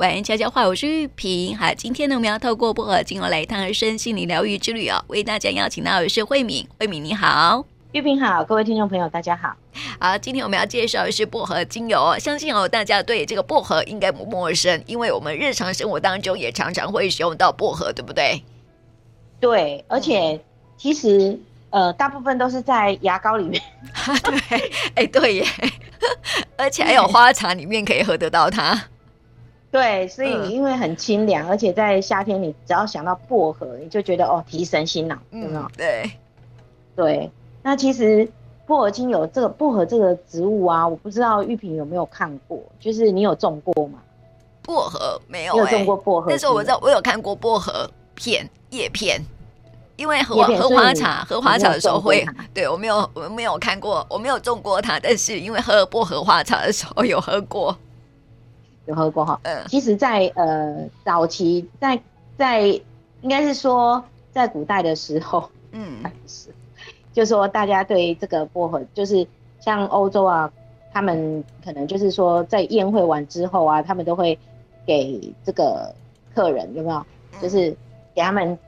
喂，悄悄話，我是玉萍。好，今天呢，我們要透過薄荷精油來一趟身心靈療癒之旅哦，為大家邀請到的是慧敏。慧敏你好。玉萍好，各位聽眾朋友大家好。好，今天我們要介紹的是薄荷精油哦，相信哦大家對這個薄荷應該不陌生，因為我們日常生活當中也常常會使用到薄荷，對不對？對，而且其實呃大部分都是在牙膏裡面。 啊、對、欸，對耶， 而且還有花茶裡面可以喝得到它。對，所以因為很清涼、嗯，而且在夏天，你只要想到薄荷，你就覺得哦，提神醒腦，有、嗯、對，對。那其實薄荷精油這個薄荷這個植物啊，我不知道玉平有沒有看過，就是你有種過嗎？薄荷沒有、欸，有種過薄荷。但是我知道我有看過薄荷片、葉片，因為喝喝花茶，喝花茶的時候會。對，我沒有，我沒有看過，我沒有種過它，但是因為喝薄荷花茶的時候有喝過。有喝過哈？嗯，其實在，在呃早期，在在應該是說在古代的時候，嗯，是，就是說大家對這個薄荷，就是像歐洲啊，他們可能就是說在宴會完之後啊，他們都會給這個客人有沒有？就是給他們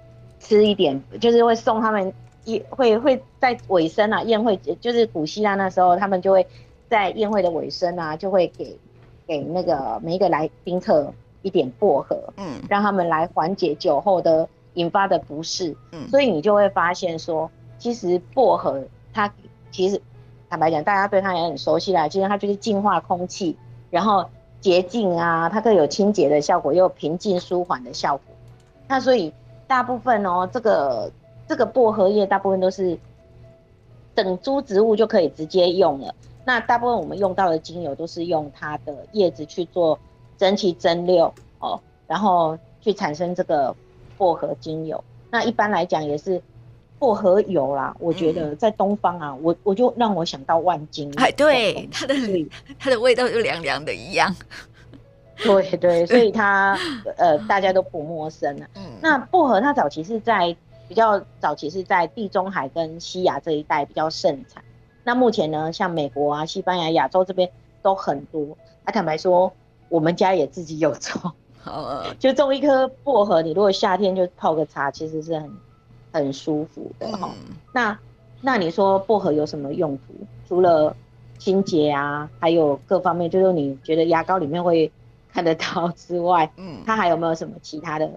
吃一點，就是會送他們一會會在尾聲啊，宴會就是古希臘那時候，他們就會在宴會的尾聲啊，就會給。給那個每一個來賓客一點薄荷，嗯，讓他們來緩解酒後的引發的不適，嗯，所以你就會發現說，其實薄荷它其實坦白講，大家對它也很熟悉啦，其實它就是淨化空氣，然後潔淨啊，它都有清潔的效果，又有平靜舒緩的效果。那所以大部分哦，這個這個薄荷葉大部分都是整株植物就可以直接用了。那大部分我們用到的精油都是用它的葉子去做蒸汽，蒸餾哦，然後去產生這個薄荷精油。那一般來講也是薄荷油啦、啊。我覺得在東方啊，嗯、我我就讓我想到萬金油，哎，對，它的它的味道就涼涼的一樣。對對，所以它、嗯、呃大家都不陌生啊、嗯。那薄荷它早期是在比較早期是在地中海跟西亞這一帶比較盛產。那目前呢，像美國啊、西班牙、亞洲這邊都很多。他、啊、坦白說，我們家也自己有種、啊，就種一顆薄荷。你如果夏天就泡個茶，其實是很很舒服的、嗯、那那你說薄荷有什麼用途？除了清潔啊，還有各方面，就是你覺得牙膏裡面會看得到之外，嗯，它還有沒有什麼其他的？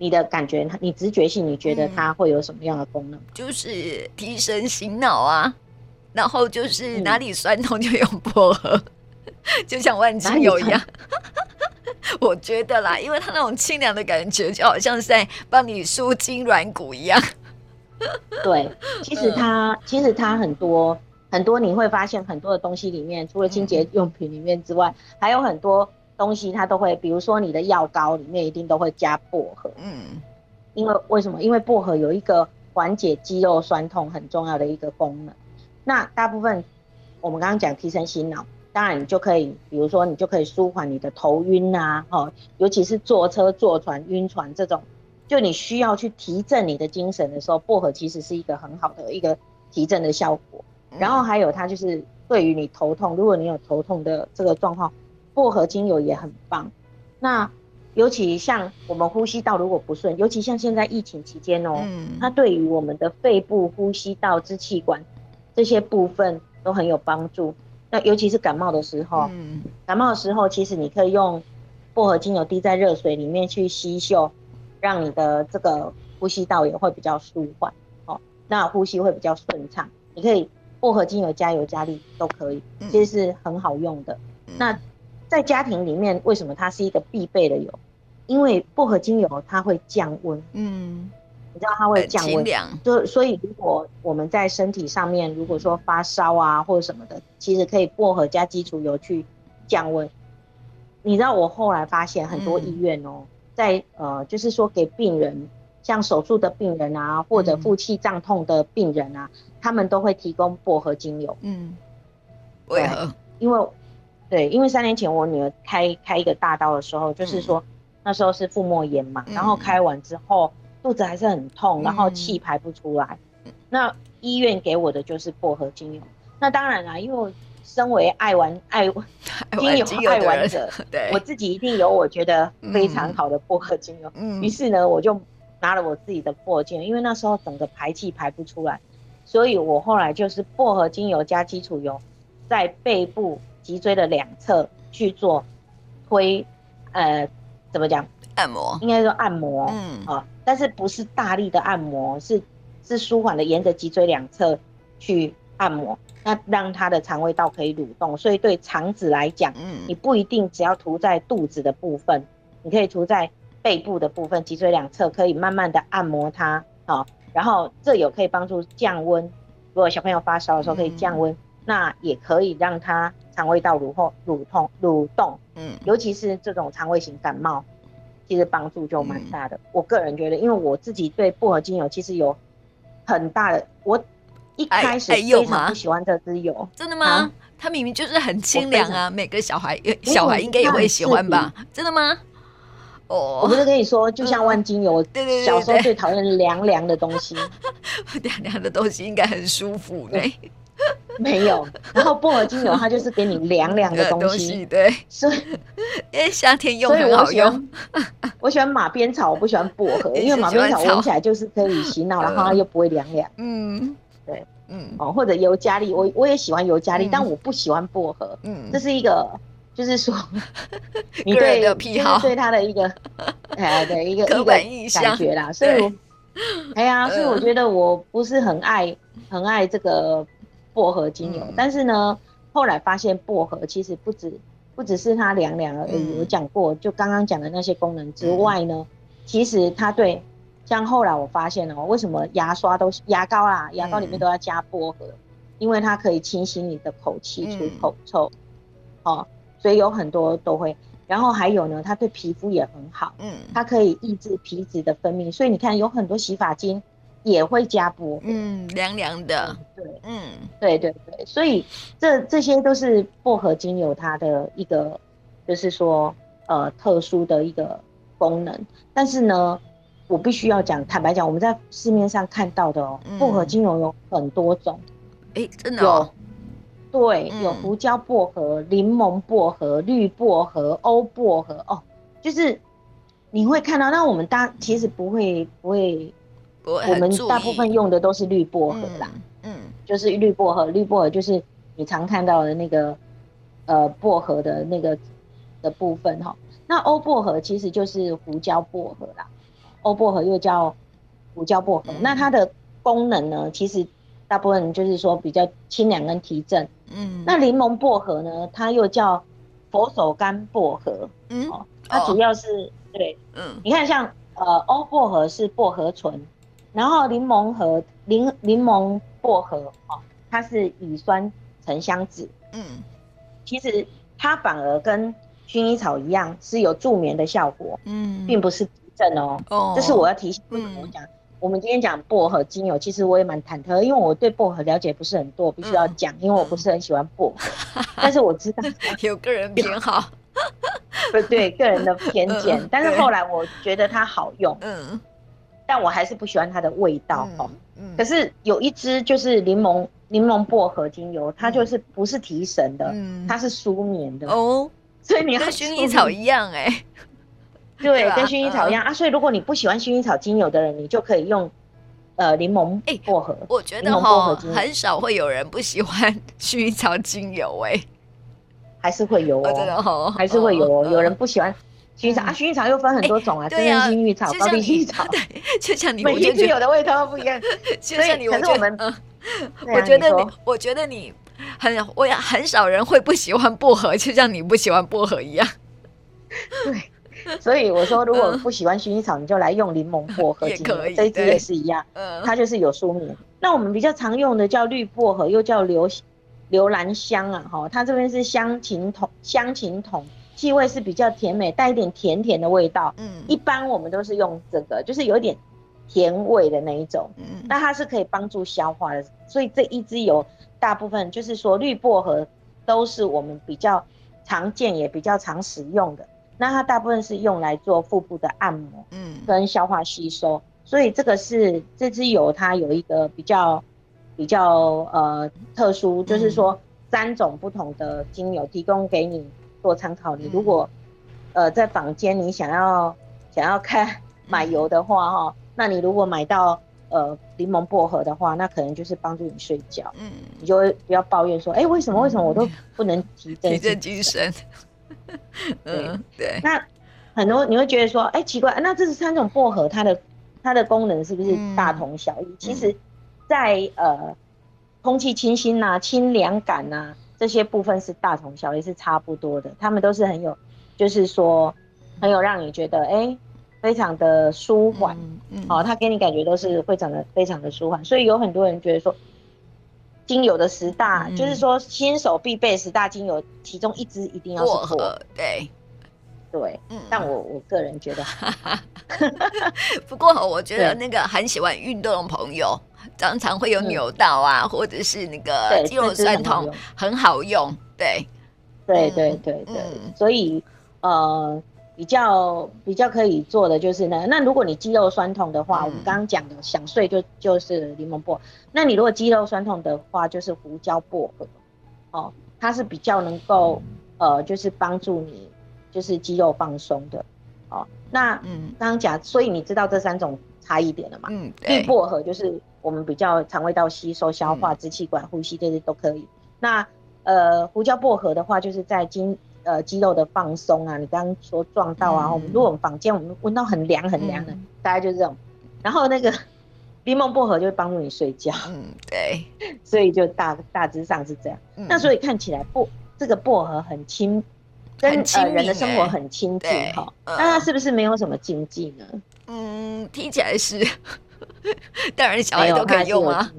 你的感覺，你直覺性，你覺得它會有什麼樣的功能？嗯、就是提神醒腦啊。然後就是哪裡酸痛就用薄荷，嗯、 就像萬金油一樣。 我覺得啦，因為它那種清涼的感覺，就好像是在幫你舒筋軟骨一樣。 對，其實它、嗯、其實它很多很多你會發現很多的東西裡面，除了清潔用品裡面之外、嗯，還有很多東西它都會，比如說你的藥膏裡面一定都會加薄荷。嗯，因為為什麼？因為薄荷有一個緩解肌肉酸痛很重要的一個功能。那大部分，我們剛剛講提神醒腦，當然你就可以，比如說你就可以舒緩你的頭暈啊、哦，尤其是坐車坐船暈船這種，就你需要去提振你的精神的時候，薄荷其實是一個很好的一個提振的效果。然後還有它就是對於你頭痛，如果你有頭痛的這個狀況，薄荷精油也很棒。那尤其像我們呼吸道如果不順，尤其像現在疫情期間哦，它對於我們的肺部、呼吸道、支氣管。這些部分都很有幫助。那尤其是感冒的時候，嗯、感冒的時候，其實你可以用薄荷精油滴在熱水裡面去吸嗅，讓你的這個呼吸道也會比較舒緩，哦，那呼吸會比較順暢。你可以薄荷精油加油加力都可以，其實是很好用的。嗯、那在家庭裡面，為什麼它是一個必備的油？因為薄荷精油它會降溫。嗯。你知道它會降溫，欸，就所以如果我們在身體上面，如果說發燒啊或者什麼的，其實可以薄荷加基礎油去降溫。你知道我後來發現很多醫院哦，喔嗯，在呃就是說給病人，嗯、像手術的病人啊或者腹氣脹痛的病人啊，嗯，他們都會提供薄荷精油。嗯，為何？因為對，因為三年前我女兒開開一個大刀的時候，嗯、就是說那時候是腹膜炎嘛，嗯，然後開完之後。肚子還是很痛，然後氣排不出來、嗯。那醫院給我的就是薄荷精油。那當然啦、啊，因為我身為愛玩愛精油愛玩者，玩對我自己一定有我覺得非常好的薄荷精油。於、嗯、是呢，我就拿了我自己的薄荷精油，因為那時候整個排氣排不出來，所以我後來就是薄荷精油加基礎油，在背部脊椎的兩側去做推，呃，怎麼講？按摩？應該說按摩、喔。嗯。喔。但是不是大力的按摩，是是舒緩的，沿着脊椎兩側去按摩，那讓他的腸胃道可以蠕動。所以對腸子來講，你不一定只要塗在肚子的部分，你可以塗在背部的部分，脊椎兩側可以慢慢的按摩它，哦，然後這有可以幫助降溫，如果小朋友發燒的時候可以降溫，嗯，那也可以讓他腸胃道蠕後蠕痛蠕動，尤其是這種腸胃型感冒。其實幫助就蠻大的、嗯。我個人覺得，因為我自己對薄荷精油其實有很大的。我一開始非常不喜歡這支油，真的嗎？它明明就是很清涼啊！每個小孩，小孩應該也會喜歡吧？真的嗎？Oh, 我不是跟你說，就像萬金油、嗯對對對對，小時候最討厭涼涼的東西，涼 涼的東西應該很舒服。 沒有，然後薄荷精油它就是給你涼涼的東西，啊、東西對，所以因為夏天用很好用。我喜， 我喜歡馬鞭草，我不喜歡薄荷，因為馬鞭草聞起來就是可以洗腦，嗯、然後它又不會涼涼。嗯，對，嗯哦，或者尤加利，我我也喜歡尤加利、嗯，但我不喜歡薄荷。嗯，這是一個，就是說你對、就是、對它的一個哎呀對一個一個感覺啦，所以哎呀、嗯，所以我覺得我不是很愛、嗯、很愛這個。薄荷精油、嗯，但是呢，後來發現薄荷其實不止不只是它涼涼而已。嗯、我講過，就剛剛講的那些功能之外呢、嗯，其實它對，像後來我發現了、喔，為什麼牙刷都牙膏啦、啊，牙膏裡面都要加薄荷，嗯、因為它可以清新你的口氣，除、嗯、口臭。哦、喔。所以有很多都會。然後還有呢，它對皮膚也很好。嗯，它可以抑制皮脂的分泌，所以你看，有很多洗髮精。也會加薄荷，嗯，涼涼的，對，嗯，對對對，所以這這些都是薄荷精油它的一個，就是說呃特殊的一個功能。但是呢，我必須要講，坦白講，我們在市面上看到的、喔、薄荷精油有很多種，哎、嗯欸，真的、哦、有，對、嗯，有胡椒薄荷、檸檬薄荷、綠薄荷、歐薄荷，哦，就是你會看到，那我們當其實不會不會。我們大部分用的都是綠薄荷啦嗯，嗯，就是綠薄荷，綠薄荷就是你常看到的那個，呃，薄荷的那個的部分哈。那歐薄荷其實就是胡椒薄荷啦，歐薄荷又叫胡椒薄荷，嗯。那它的功能呢，其實大部分就是說比較清涼跟提振。嗯，那檸檬薄荷呢，它又叫佛手柑薄荷，嗯，它主要是，哦，對，嗯，你看像呃，歐薄荷是薄荷醇。然後檸檬和檸檸檬薄荷哦，它是乙酸沉香酯。嗯，其實它反而跟薰衣草一樣是有助眠的效果。嗯，並不是提鎮哦，哦。這是我要提醒為什麼講。嗯，我講，我們今天講薄荷精油，其實我也蠻忐忑，因為我對薄荷了解不是很多，我必須要講，因為我不是很喜歡薄荷。嗯，但是我知道 有個人偏好。 哈對對，個人的偏見，嗯。但是後來我覺得它好用。嗯。但我還是不喜歡它的味道哈、哦嗯嗯。可是有一支就是檸檬檸檬薄荷精油，它就是不是提神的，嗯、它是舒眠的哦、嗯。所以你和薰衣草一樣哎，對，跟薰衣草一樣，欸、草一樣啊，啊。所以如果你不喜歡薰衣草精油的人，你就可以用呃檸檬薄荷、欸。我覺得哈、哦，很少會有人不喜歡薰衣草精油哎、欸，還是會有哦，哦，真的哦，還是會有哦，哦有人不喜歡。薰衣草啊，薰衣草又分很多種啊，真正薰衣草、高地薰衣草，就像你，每一支有的味道不一樣。所以，你是我們、嗯啊，我覺得你，我覺得你很，我也很少人會不喜歡薄荷，就像你不喜歡薄荷一樣。對，所以我說，如果不喜歡薰衣草、嗯，你就來用檸檬薄荷，也可以，這支也是一樣，它就是有舒眠、嗯。那我們比較常用的叫綠薄荷，又叫留留蘭香啊，哈，它這邊是香芹酮，香芹酮。氣味是比較甜美，帶一點甜甜的味道。嗯，一般我們都是用這個，就是有點甜味的那一種。嗯。那它是可以幫助消化的，所以這一支油大部分就是說綠薄荷都是我們比較常見也比較常使用的。那它大部分是用來做腹部的按摩，嗯，跟消化吸收。所以這個是這支油，它有一個比較比較呃特殊，就是說三種不同的精油提供給你。做參考你，你如果、嗯，呃，在坊間你想要想要看買油的話哈、嗯，那你如果買到呃檸檬薄荷的話，那可能就是幫助你睡覺，嗯，你就不要抱怨說，哎、欸，為什麼為什麼我都不能提振提振精神，精神？嗯，對，那很多你會覺得說，哎、欸，奇怪，那這是三種薄荷，它的它的功能是不是大同小異、嗯？其實在，在呃空氣清新吶、啊，清涼感吶、啊。這些部分是大同小異，是差不多的。他們都是很有，就是說很有讓你覺得哎、欸，非常的舒緩、嗯嗯，哦，他給你感覺都是會長得非常的舒緩。所以有很多人覺得說，精油的十大，嗯、就是說新手必備的十大精油，其中一支一定要是薄荷，薄荷。對對、嗯，但我我個人覺得，嗯、 不過我覺得那個很喜歡運動的朋友。常常會有扭到啊、嗯，或者是那個肌肉痠痛，很好用，對，對、嗯、對對對，嗯、所以呃，比較比較可以做的就是呢。那如果你肌肉痠痛的話，嗯、我剛剛講的想睡就就是檸檬薄，那你如果肌肉痠痛的話，就是胡椒薄荷，哦，它是比較能夠、嗯、呃，就是幫助你就是肌肉放鬆的，哦，那嗯，剛剛講，所以你知道這三種差異點了嘛？嗯，綠薄荷就是。我們比較腸胃道吸收、消化、支氣管、呼吸這些都可以。嗯、那呃，胡椒薄荷的話，就是在筋呃肌肉的放鬆啊。你剛剛說撞到啊、嗯，我們如果我們房間我們聞到很涼很涼的、嗯，大概就是這種。然後那個檸檬薄荷就會幫助你睡覺。嗯，對。所以就大大致上是這樣。嗯、那所以看起來薄這個薄荷很親，跟很親、呃、人的生活很親近哈、嗯。那它是不是沒有什麼禁忌呢？嗯，聽起來是。但 大人小孩都可以用嗎？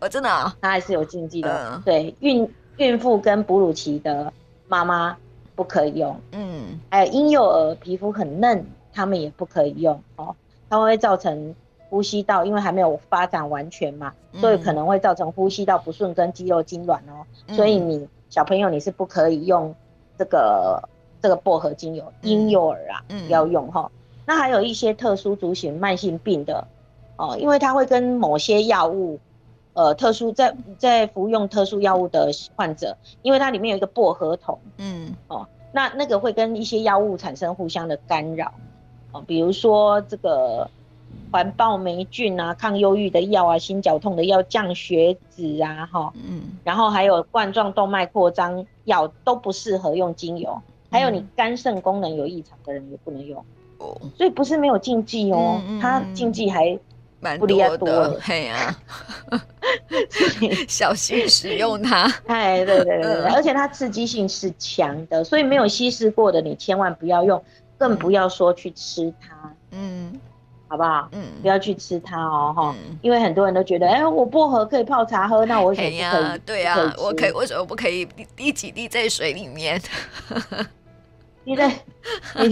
我真的，它還是有禁忌的。哦，真的哦？他還是有禁忌的，呃、對孕孕婦跟哺乳期的媽媽不可以用。嗯，還有嬰幼兒皮膚很嫩，他們也不可以用哦。它會造成呼吸道，因為還沒有發展完全嘛，嗯、所以可能會造成呼吸道不順跟肌肉痙攣哦、嗯。所以你小朋友你是不可以用這個這個薄荷精油。嗯、嬰幼兒啊，嗯、要用哈、哦。那還有一些特殊族群、慢性病的。哦，因為它會跟某些藥物，呃，特殊在在服用特殊藥物的患者，因為它裡面有一個薄荷酮，嗯，哦、喔，那那個會跟一些藥物產生互相的干擾，哦、喔，比如說這個環孢黴菌啊、抗憂鬱的藥啊、心絞痛的藥、降血脂啊，哈、喔，嗯，然後還有冠狀動脈擴張藥都不適合用精油，嗯、還有你肝腎功能有異常的人也不能用，哦，所以不是沒有禁忌哦、喔，它、嗯嗯嗯嗯、禁忌還。不蠻多的，哎呀，小心使用它。 哎，對對對對，而且它刺激性是強的，所以沒有稀釋過的你千萬不要用，更不要說去吃它。嗯，好不好？嗯，不要去吃它哦，哦，哈、嗯。因為很多人都覺得，哎，我薄荷可以泡茶喝，那我想可喝、哎。對啊，我可以，為什麼不可以滴幾滴在水裡面？ 你對，你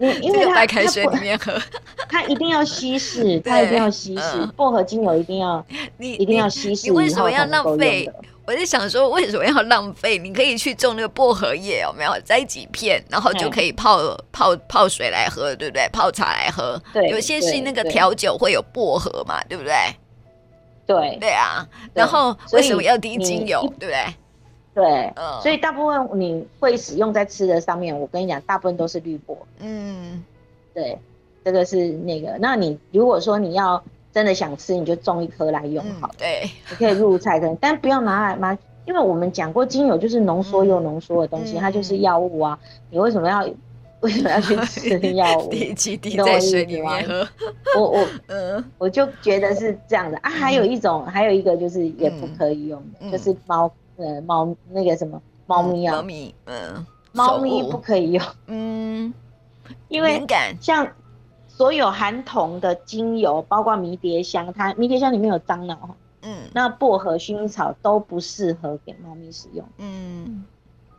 你，因為它它在白開水裡面喝，它 一定要稀釋，它一定要稀釋、嗯。薄荷精油一定要，你一定要稀釋。你為什麼要浪費？我在想說，為什麼要浪費？你可以去種那個薄荷葉有，沒有摘幾片，然後就可以泡泡泡，泡水來喝，對不對？泡茶來喝。對，有些是那個調酒會有薄荷嘛，對不對？對，對啊。然後，然後為什麼要滴精油，對不對？對、嗯，所以大部分你會使用在吃的上面。我跟你講，大部分都是綠過。嗯，對，這個是那個。那你如果說你要真的想吃，你就種一顆來用好了、嗯。對，你可以入菜的，但不要拿來嗎？因為我們講過，精油就是濃縮又濃縮的東西，嗯、它就是藥物啊。你為什麼要為什麼要去吃藥物？滴幾滴在水裡面喝 我我、嗯、我就覺得是這樣的啊。還有一種、嗯，還有一個就是也不可以用的，嗯、就是貓。對、嗯，貓那個什麼貓咪啊，貓、嗯、咪，嗯，貓咪不可以用，嗯感，因為像所有含酮的精油，包括迷迭香，它迷迭香裡面有樟腦，嗯，那薄荷、薰衣草都不適合給貓咪使用，嗯，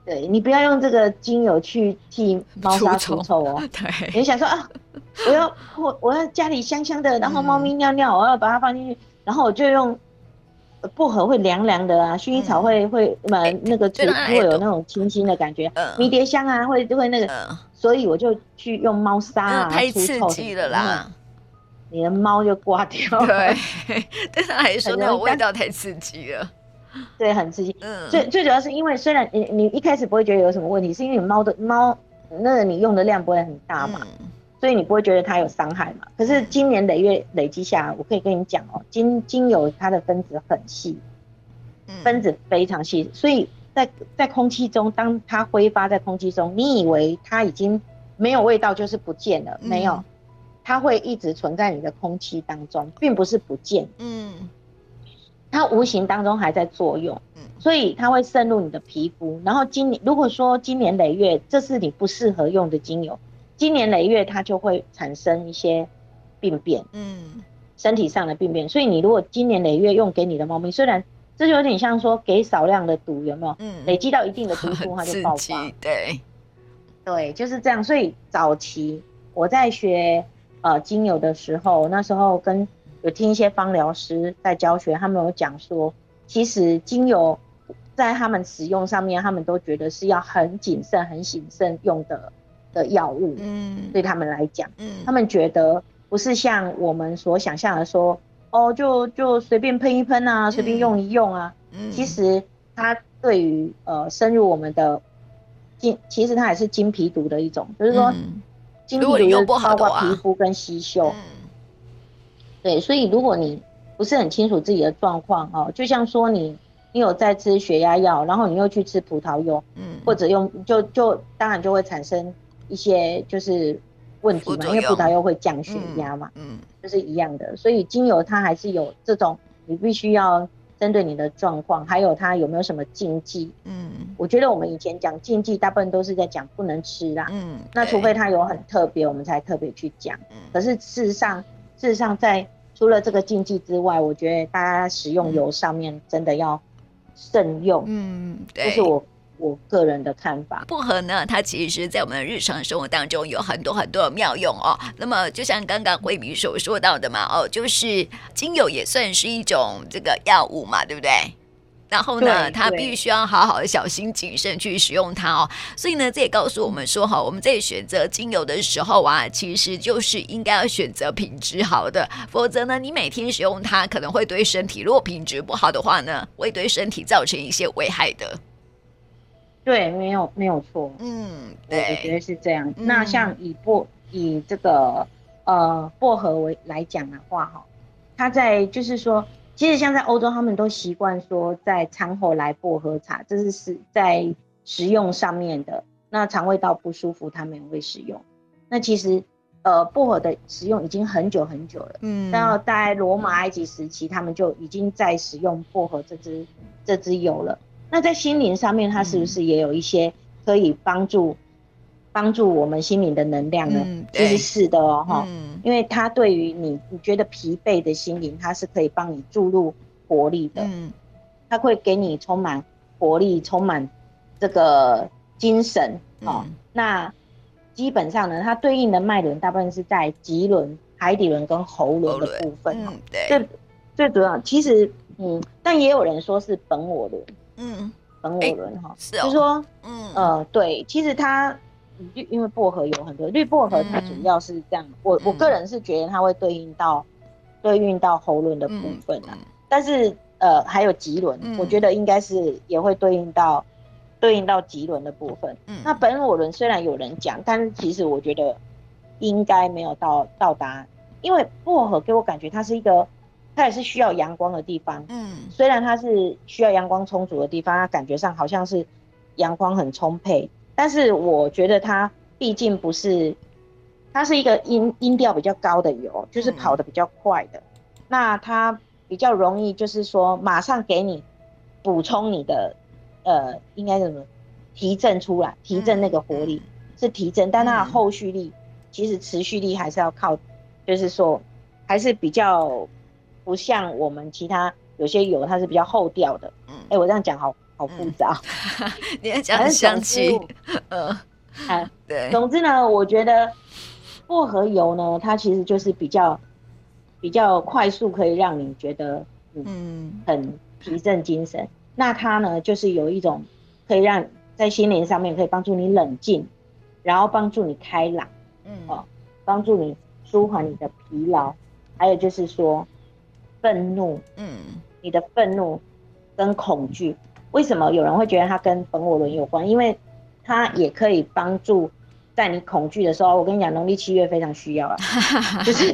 對，你不要用這個精油去替貓砂除臭哦、喔，對，你想說啊，我要我我要家裡香香的，然後貓咪尿尿，嗯、我要把它放進去，然後我就用。薄荷會涼涼的啊，薰衣草會、嗯、會蠻、嗯欸、那個，就會有那種清新的感覺。迷迭香啊，會就會那個、嗯，所以我就去用貓砂、啊。啊、嗯。太刺激了啦！嗯、你的貓就刮掉了，對對，但是還說那種味道太刺激了。對，很刺激。嗯，最最主要是因為雖然你你一開始不會覺得有什麼問題，是因為你貓的貓，那你用的量不會很大嘛。嗯所以你不會覺得它有傷害嘛？可是經年累月累積下來，我可以跟你講哦、喔，精精油它的分子很細，分子非常細，所以在在空氣中，當它揮發在空氣中，你以為它已經沒有味道就是不見了？沒有，它會一直存在你的空氣當中，並不是不見，嗯，它無形當中還在作用，嗯，所以它會滲入你的皮膚，然後今年如果說經年累月，這是你不適合用的精油。經年累月，它就會產生一些病變，嗯，身體上的病變。所以你如果經年累月用給你的貓咪，雖然這就有點像說給少量的毒，有沒有？嗯，累積到一定的毒素，它就爆發。對，對，就是這樣。所以早期我在學呃精油的時候，那時候跟有聽一些芳療師在教學，他們有講說，其實精油在他們使用上面，他們都覺得是要很謹慎、很謹慎用的。的藥物，嗯，對他們來講，嗯，他們覺得不是像我們所想象的說，哦，就就隨便噴一噴啊，隨、嗯、便用一用啊，嗯，其實它對於呃深入我們的經，其實它也是經皮毒的一種，嗯、就是說經皮是，經皮毒包括皮膚跟吸收，嗯，對，所以如果你不是很清楚自己的狀況哦，就像說你你有在吃血壓藥，然後你又去吃葡萄柚，嗯，或者用就就當然就會產生。一些就是問題嘛，因為葡萄柚會降血壓嘛，嗯，嗯，就是一樣的，所以精油它還是有這種，你必須要針對你的狀況，還有它有沒有什麼禁忌，嗯，我覺得我們以前講禁忌，大部分都是在講不能吃啦，嗯，那除非它有很特別，我們才特別去講，嗯，可是事實上，事實上在除了這個禁忌之外，我覺得大家食用油上面真的要慎用，嗯，嗯對，就是我。我個人的看法，薄荷呢，它其實，在我們日常生活當中有很多很多的妙用哦。那麼，就像剛剛慧敏所說到的嘛，哦，就是精油也算是一種這個藥物嘛，對不對？然後呢，它必須要好好的小心謹慎去使用它哦。所以呢，這也告訴我們說，哈，我們在選擇精油的時候啊，其實就是應該要選擇品質好的，否則呢，你每天使用它可能會對身體，如果品質不好的話呢，會對身體造成一些危害的。對，沒有沒有錯，嗯，對，我覺得是這樣。那像以薄、嗯、以這個呃薄荷為來講的話哈，它在就是說，其實像在歐洲，他們都習慣說在餐後來薄荷茶，這是食在食用上面的。嗯、那腸胃道不舒服，他們也會食用。那其實呃薄荷的食用已經很久很久了，嗯，那大概羅馬埃及時期、嗯，他們就已經在使用薄荷這支這支油了。那在心靈上面，它是不是也有一些可以幫助幫、嗯、助我們心靈的能量呢？嗯，對，其實是的哦，哈，嗯，因為它對於你你覺得疲憊的心靈，它是可以幫你注入活力的，嗯，它會給你充滿活力，充滿這個精神，哦、嗯喔，那基本上呢，它對應的脈輪大部分是在臍輪、海底輪跟喉輪的部分、喔嗯，對，最主要其實，嗯，但也有人說是本我輪。嗯，本我輪哈、欸，是啊、哦，就是，說，嗯呃，對，其實它，因為薄荷有很多，綠薄荷它主要是這樣，嗯、我我個人是覺得它會對應到、嗯、對應到喉輪的部分啊、嗯，但是呃還有極輪、嗯，我覺得應該是也會對應到對應到極輪的部分。嗯、那本我輪雖然有人講，但是其實我覺得應該沒有到到達，因為薄荷給我感覺它是一個。它也是需要陽光的地方，嗯，雖然它是需要陽光充足的地方，它感覺上好像是陽光很充沛，但是我覺得它畢竟不是，它是一個音音調比較高的油，就是跑得比較快的，那它比較容易就是說馬上給你補充你的，呃，應該是什麼提振出來，提振那個活力是提振，但它的後續力其實持續力還是要靠，就是說還是比較。不像我們其他有些油，它是比較後調的。哎、嗯欸，我這樣講好好複雜。你也講香氣？呃，嗯對嗯。總之呢，我覺得薄荷油呢，它其實就是比較比較快速，可以讓你覺得嗯，很提振精神、嗯。那它呢，就是有一種可以讓在心靈上面可以幫助你冷靜，然後幫助你開朗，哦、嗯，幫、喔、助你舒緩你的疲勞，還有就是說。憤怒，嗯，你的憤怒跟恐懼，為什麼有人會覺得它跟本我輪有關？因為它也可以幫助在你恐懼的時候。我跟你講，農曆七月非常需要啊， 就是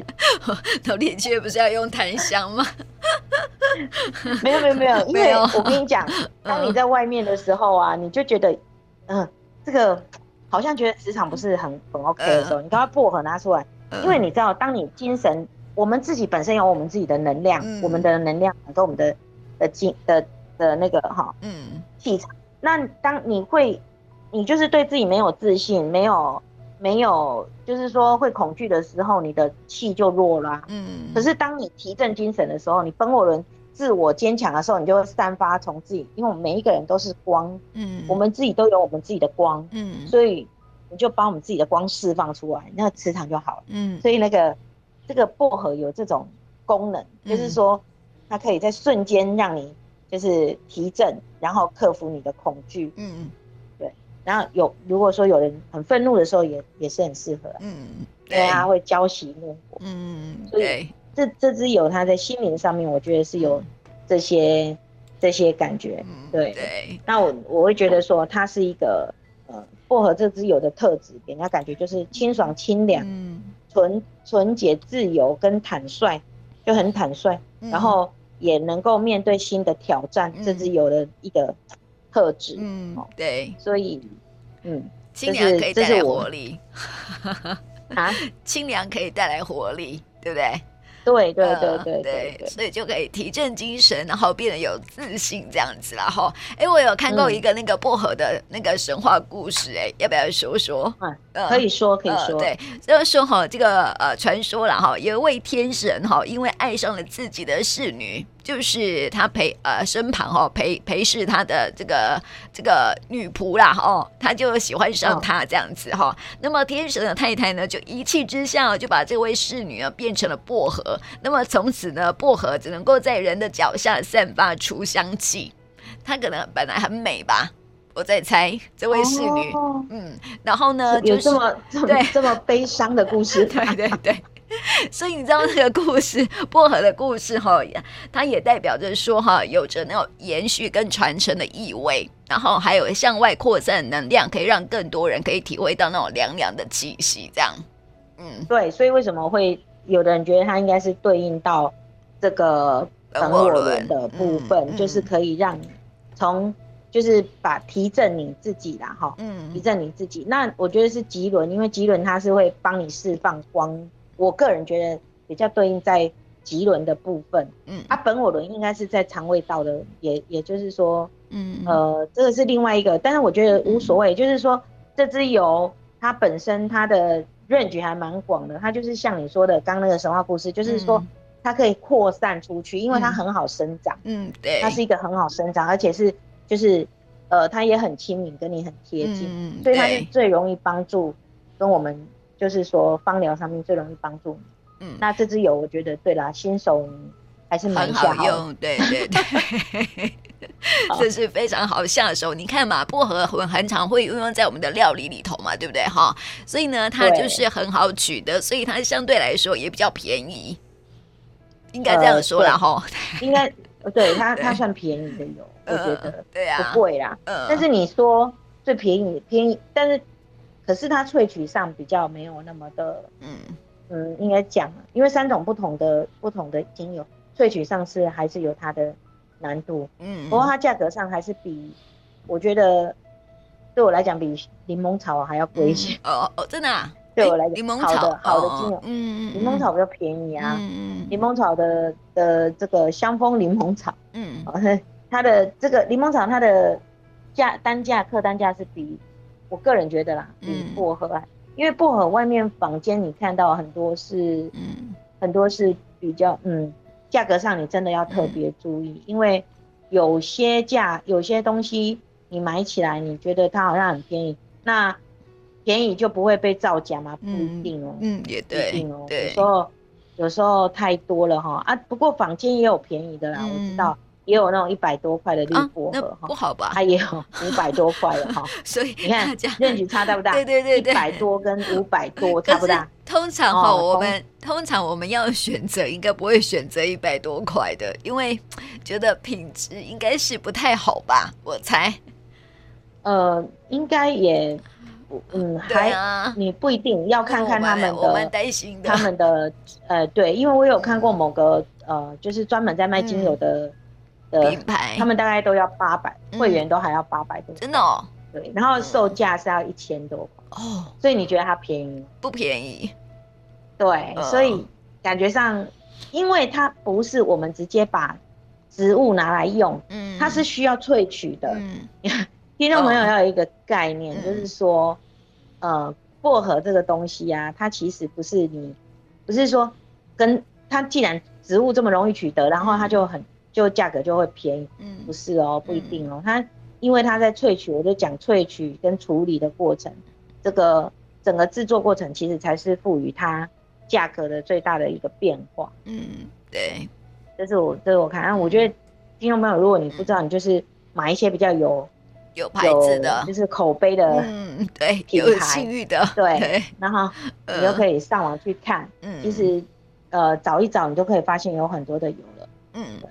農曆 七月不是要用檀香嗎？ 沒有沒有沒有，因為我跟你講，當你在外面的時候啊，嗯、你就覺得，嗯、呃，這個好像覺得磁場不是很很 OK 的時候，嗯、你把薄荷拿出來、嗯，因為你知道，當你精神。我們自己本身有我們自己的能量，嗯、我們的能量跟我們的精的的，的，的那個哈嗯氣場。那當你會你就是對自己沒有自信，沒有沒有，就是說會恐懼的時候，你的氣就弱了、啊。嗯。可是當你提振精神的時候，你崩我輪自我堅強的時候，你就會散發從自己，因為我們每一個人都是光，嗯，我們自己都有我們自己的光，嗯，所以你就把我們自己的光釋放出來，那個磁場就好了。嗯，所以那個。這個薄荷有這種功能、嗯，就是說它可以在瞬間讓你就是提振，然後克服你的恐懼。嗯，對。然後有如果說有人很憤怒的時候也，也也是很適合、啊。嗯，對啊，會澆熄怒火。嗯對、嗯。這這支油它在心靈上面，我覺得是有這些、嗯、這些感覺。對、嗯、對。那我我會覺得說，它是一個呃薄荷這支油的特質，給人家感覺就是清爽清涼。嗯。純純潔、自由跟坦率，就很坦率、嗯，然後也能夠面對新的挑戰，這、嗯、是有了一個特質。嗯，哦、對，所以，嗯，清涼可以帶來活力啊！ 清涼可以帶來活力，對不對？對對對對、呃、對，對對對對，所以就可以提振精神，然後變得有自信這樣子啦哈。哎、欸，我有看過一個那個薄荷的那個神話故事哎、欸嗯，要不要說說？嗯、呃啊，可以說可以說。呃、對，要說哈，這個呃傳說了哈，有一位天神哈，因為愛上了自己的侍女，就是他陪呃身旁哈陪陪侍他的這個這個女僕啦哦，他就喜歡上她這樣子哈、哦。那麼天神的太太呢，就一氣之下就把這位侍女啊變成了薄荷。那麼從此呢，薄荷只能夠在人的腳下散發出香氣。它可能本來很美吧，我在猜這位侍女。哦。嗯，然後呢，有、就是、這麼對這麼悲傷的故事， 對，對對對。所以你知道這個故事， 薄荷的故事哈，它也代表着說哈，有着那種延續跟傳承的意味。然後還有向外擴散的能量，可以讓更多人可以體會到那種涼涼的氣息。這樣，嗯，對，所以為什麼會？有的人覺得它應該是對應到這個本我輪的部分，嗯嗯，就是可以讓你從就是把提振你自己啦。哈，嗯，嗯，提振你自己。那我覺得是吉輪，因為吉輪它是會幫你釋放光，我個人覺得比較對應在吉輪的部分，嗯，啊，本我輪應該是在腸胃道的，也也就是說，嗯，嗯、呃，這個是另外一個，但是我覺得無所謂，嗯，就是說這支油它本身它的。Range 還蠻廣的，它就是像你說的剛剛那個神話故事，嗯、就是說它可以擴散出去，因為它很好生長。嗯，對，它是一個很好生長，嗯、而且是就是呃，它也很親民，跟你很貼近、嗯，所以它是最容易幫助跟我們就是說芳療上面最容易幫助你。嗯，那這支油我覺得對啦，新手還是蠻好，好用，對對對。 這是非常好下手，oh. 你看嘛，薄荷很，很常會運用在我們的料理裡頭嘛，對不對哈、哦？所以呢，它就是很好取得，所以它相對來說也比較便宜，應該這樣說啦哈、呃哦。應該，對它它算便宜的油。我覺得，呃、對啊，不貴啦、呃。但是你說最便宜便宜，但是可是它萃取上比較沒有那麼的，嗯嗯，應該講，因為三種不同的不同的精油萃取上是還是有它的。難度，嗯，不過它價格上還是比、嗯，我覺得對我來講比檸檬草還要貴一些。嗯、哦哦，真的、啊，對我來講，檸、欸、檬草，好的精油、哦，嗯檸檬草比較便宜啊，嗯檸檬草的的這個香蜂檸檬草，嗯、呃、它的這個檸檬草，它的價單價客單價是比，我個人覺得啦，比薄荷，啊、嗯，因為薄荷外面坊間你看到很多是，嗯，很多是比較嗯。價格上你真的要特別注意、嗯，因為有些價、有些東西你買起來，你覺得它好像很便宜，那便宜就不會被造假嘛、嗯？不一定哦，喔，嗯也對一定哦，喔，有時候有時候太多了哈啊，不過坊間也有便宜的啦，嗯、我知道。也有那種一百多塊的綠波，啊、不好吧？它也有五百多塊的哈， 所以你看面積差大不大？對對對，一百多跟五百多差不大？通常哈、哦，我們通常我們要選擇，應該不會選擇一百多塊的，因為覺得品質應該是不太好吧？我猜，呃，應該也嗯，啊、還你不一定要看看他們的，我擔心的，他們的呃，對，因為我有看過某個、嗯、呃，就是專門在賣精油的、嗯。品牌他們大概都要八百、嗯，會員都還要八百多、嗯，真的。哦，對，然後售價是要一千多塊哦、嗯，所以你覺得它便宜不便宜？對、呃，所以感覺上，因為它不是我們直接把植物拿來用，嗯、它是需要萃取的。嗯、聽眾朋友要有一個概念，哦、就是說、嗯，呃，薄荷這個東西啊，它其實不是你，不是說跟它既然植物這麼容易取得，然後它就很。嗯就價格就會便宜，嗯，不是哦、嗯，不一定哦。他、嗯、因為他在萃取，我就講萃取跟處理的過程，這個整個製作過程其實才是賦予它價格的最大的一個變化。嗯，對，這是我，對我看。嗯啊、我覺得聽眾朋友，如果你不知道、嗯，你就是買一些比較有有牌子的，就是口碑的，嗯，對，品牌有信譽的，對。然後、呃、你就可以上網去看，嗯，其實、就是、呃找一找，你就可以發現有很多的油了，嗯，對。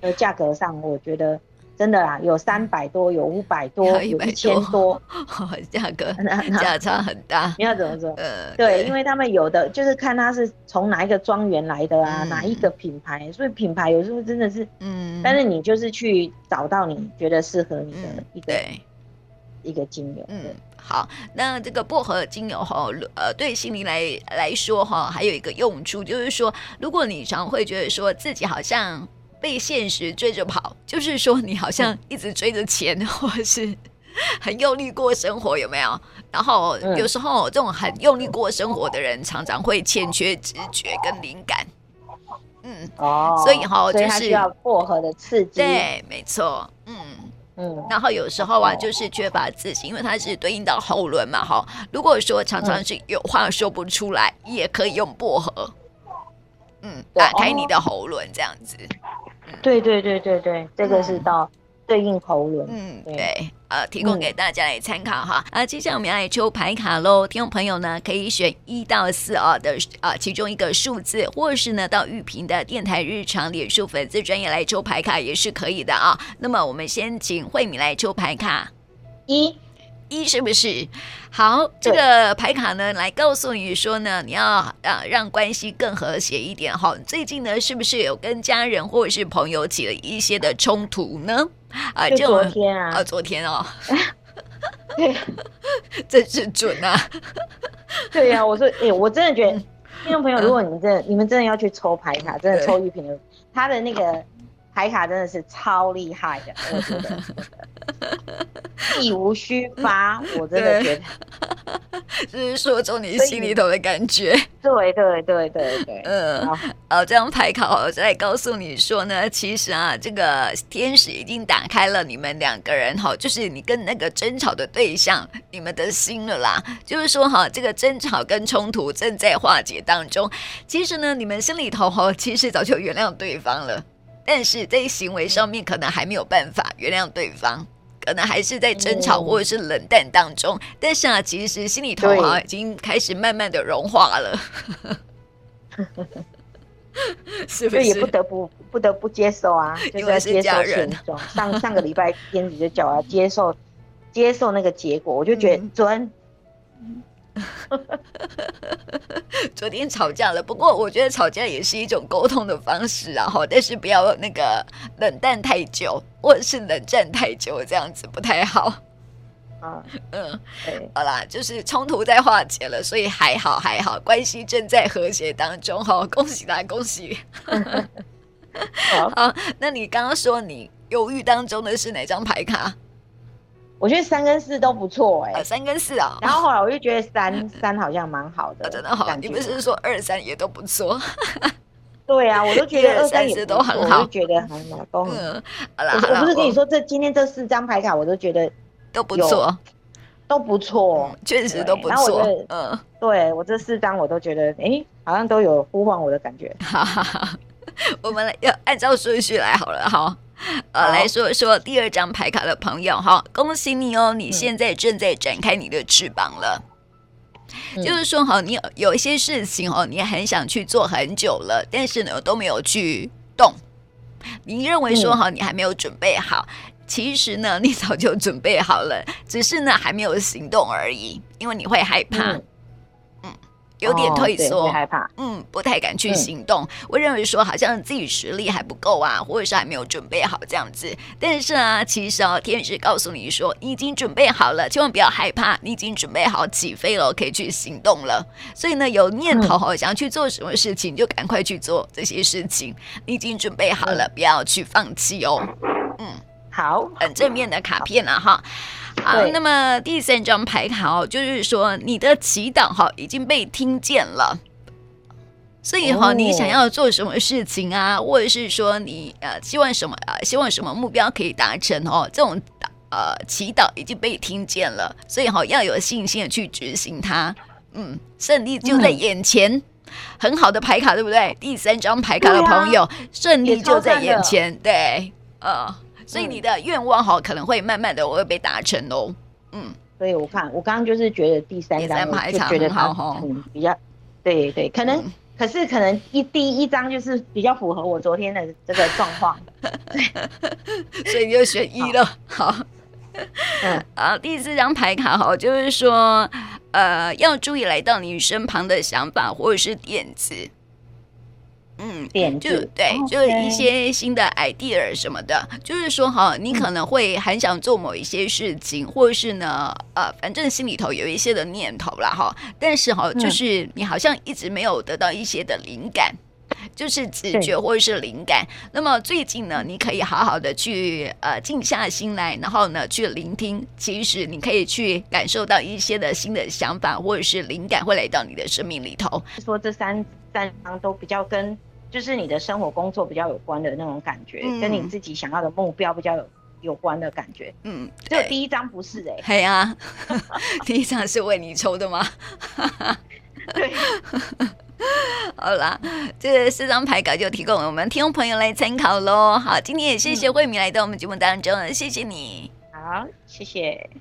的價格上，我覺得真的啦，有三百多，有五百多，多，有一千多，價 價格價 差很大，你要怎麼說？呃對對，對，因為他們有的就是看他是從哪一個莊園來的啊、嗯，哪一個品牌，所以品牌有時候真的是，嗯，但是你就是去找到你覺得適合你的一個、嗯、對一個精油，嗯，好，那這個薄荷精油哈，呃，對心靈來來說哈，還有一個用處就是說，如果你常會覺得說自己好像。被現實追着跑，就是說你好像一直追着錢、嗯，或是很用力過生活，有沒有？然後、嗯、有時候這種很用力過生活的人，常常會欠缺直覺跟靈感。嗯哦，所以哈，就是要薄荷的刺激。對，沒錯。嗯嗯。然後有時候啊，嗯、就是缺乏自信，因為它是對應到喉輪嘛，哈。如果說常常是有話說不出來，嗯、也可以用薄荷。嗯，哦、打開你的喉輪，這樣子。對對對對對、嗯，這個是到對應喉輪，嗯，對嗯，呃，提供給大家來參考哈，嗯、啊，接下來我們要來抽牌卡嘍，聽眾朋友呢可以選一到四哦、啊、的啊其中一個數字，或是呢到玉屏的電台日常臉書粉絲專頁來抽牌卡也是可以的啊，那麼我們先請慧敏來抽牌卡，一。一是不是好？這個牌卡呢，來告訴你說呢，你要啊讓關係更和諧一點哈。最近呢，是不是有跟家人或者是朋友起了一些的衝突呢？啊，啊就昨天啊，啊，昨天哦， 對，真是準啊， 對呀、啊。我說，哎、欸，我真的覺得聽眾、嗯、朋友，如果你們真的、嗯、你們真的要去抽牌卡，真的抽一瓶的，的，他的那個牌卡真的是超厲害的。 一無虛發， 我真的覺得，就 是說中你心裡頭的感覺。對對對對對，嗯，好、哦哦，這張牌卡在告訴你說呢，其實啊，這個天使已經打開了你們兩個人哈，就是你跟那個爭吵的對象，你們的心了啦。就是說哈、啊，這個爭吵跟衝突正在化解當中。其實呢，你們心裡頭哈、哦，其實早就原諒對方了，但是在行為上面可能還沒有辦法原諒對方。嗯可能還是在爭吵或者是冷淡當中，嗯、但是啊，其實心裡頭好像已經開始慢慢的融化了，所以也不得不不得不接受啊，就是、受因為是家人。上上個禮拜天，你就叫我要接受 接受那個結果，我就覺得尊。嗯 昨天吵架了，不過我覺得吵架也是一種溝通的方式、啊，然後但是，不要那個冷淡太久，或者是冷戰太久這樣子不太好。啊、嗯，好啦，就是衝突在化解了，所以還好還好，關係正在和諧當中哈，恭喜啦恭喜。 好。好，那你剛剛說你猶豫當中的是哪張牌卡？我覺得三跟四都不錯哎、欸，三、啊、跟四啊、哦，然後後來我就覺得三三好像蠻好的、嗯啊，真的好。你不是說二三也都不錯？ 對啊，我都覺得二三也 2, 都很好，我就覺得好老公、嗯、好啦我很好，都很好。我不是跟你說這，這今天這四張牌卡，我都覺得都不錯，都不錯，確、嗯、實都不錯。然後我嗯，對我這四張我都覺得，哎、欸，好像都有呼喚我的感覺。好好我們來要按照順序來好了，好。呃，來說說第二張牌卡的朋友哈，恭喜你哦！你現在正在展開你的翅膀了，嗯、就是說，好，你有，有一些事情哦，你很想去做很久了，但是呢都沒有去動。你認為說，好，你還沒有準備好，嗯、其實呢你早就準備好了，只是呢還沒有行動而已，因為你會害怕。嗯有點退縮、哦，嗯，不太敢去行動。嗯、我認為說，好像自己實力還不夠啊，或者是還沒有準備好這樣子。但是啊，其實啊、哦，天使告訴你說，你已經準備好了，千萬不要害怕，你已經準備好起飛了，可以去行動了。所以呢，有念頭哦，想要去做什麼事情，嗯、就趕快去做這些事情。你已經準備好了，嗯、不要去放棄哦。嗯。很正面的卡片了、啊、哈，啊，那麼第三張牌卡哦，就是說你的祈禱哈已經被聽見了，所以哈，你想要做什麼事情啊，或者是說你呃希望什麼啊，希望什麼目標可以達成哦，這種呃祈禱已經被聽見了，所以哈要有信心的去執行它，嗯，勝利就在眼前，很好的牌卡對不對？第三張牌卡的朋友，勝利就在眼前，對，呃……所以你的願望哈可能會慢慢的我會被達成哦，嗯，所以我看我剛剛就是覺得第三張牌卡很好很、嗯、比較，對對，可能、嗯、可是可能一第一張就是比較符合我昨天的這個狀況， 所以你就選一了好，好，嗯，啊第四張牌卡好，就是說呃要注意來到你身旁的想法或者是點子嗯，點就對，OK、就是一些新的 idea 什麼的，就是說哈，你可能會很想做某一些事情，或是呢，呃，反正心裡頭有一些的念頭啦。哈，但是哈，就是、嗯、你好像一直沒有得到一些的靈感，就是直覺或者是靈感是。那麼最近呢，你可以好好的去呃靜下心來，然後呢去聆聽，其實你可以去感受到一些的新的想法或者是靈感會來到你的生命裡頭。就是、說這三三方都比較跟。就是你的生活、工作比較有關的那種感覺、嗯，跟你自己想要的目標比較有有關的感覺。嗯，這第一張不是哎、欸欸，對啊， 第一張是為你抽的嗎？ 對， 好啦，這個、四張牌卡就提供我們，我們聽眾朋友來參考嘍。好，今天也謝謝慧敏來到我們節目當中、嗯，謝謝你。好，謝謝。